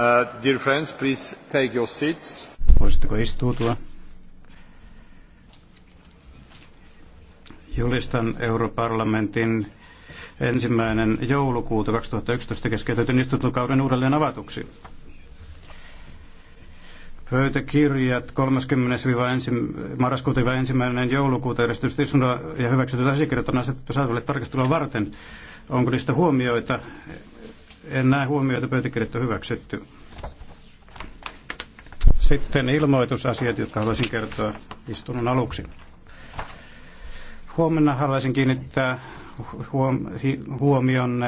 Uh, Voisitteko istuutua? Julistan parlamentin ensimmäinen joulukuuta yksitoista keskeytetyn istuntokauden uudelleen avatuksi. Pöytäkirjat 30-1. marraskuuta 1. joulukuuta järjestetystä ja hyväksytyt asiakirjat on asetettu saataville tarkastelua varten. Onko niistä huomioita? En näe huomioita, pöytäkirjat on hyväksytty. Sitten ilmoitusasiat, jotka haluaisin kertoa istunnon aluksi. Huomenna haluaisin kiinnittää huom- huomion